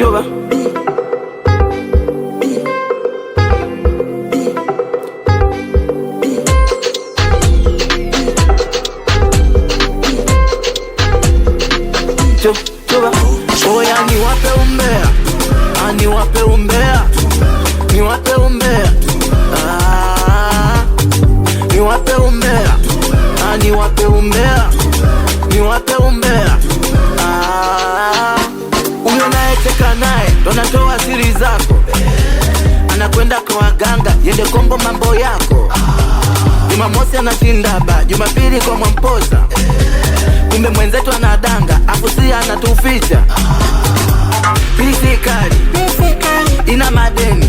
Choba Oya, niwape umbea, niwape umbea, niwape umbea unacheka naye ndo natoa siri zako, anakwenda kwa waganga, yende kombo mambo yako. Jumamosi anashinda Jumapili kwa Mwamposa, kumbe mwenzetu anadanga, afusia anatuficha. Pisi ina madeni,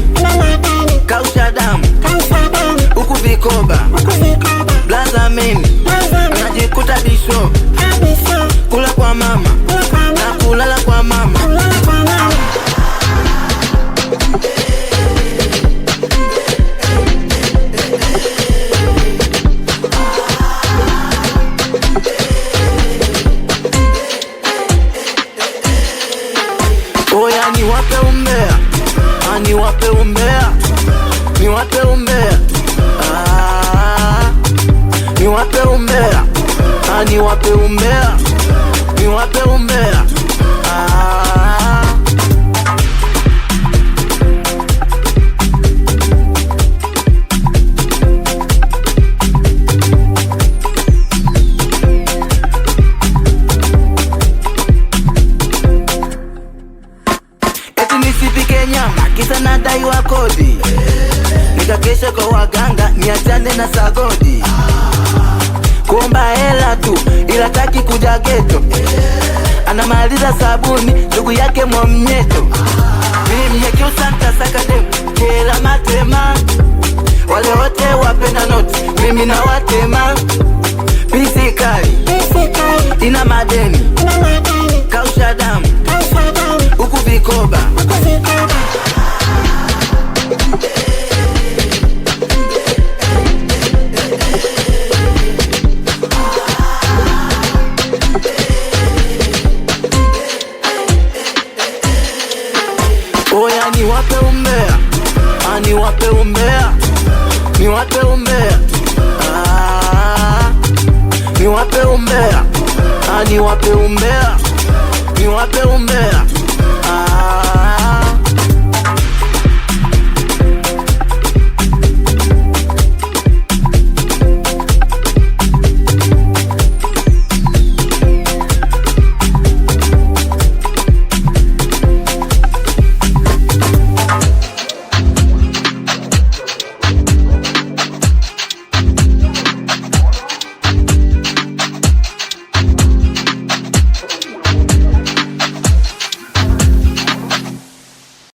kausha damu huku vikoba, blazamini anajikuta bisho kula kwa mama Oya oh niwape umbea, ah, niwape umbea, niwape umbea, ah, niwape umbea, ah, niwape umbea, niwape umbea nyama kisa nadaiwa kodi, nikakesha kwa waganga niachane na sagodi, kuomba hela tu ila taki kuja geto, anamaliza sabuni ndugu yake mwamnyeto mimyekiusantasakadem kela matema wale wote wapenda noti mimi na watema pisi kali ina madeni kausha damu huku vikoba Oya, ni wape umbea, ah, wape umbea, wape umbea, ah, wape umbea, ah, wape umbea, wape umbea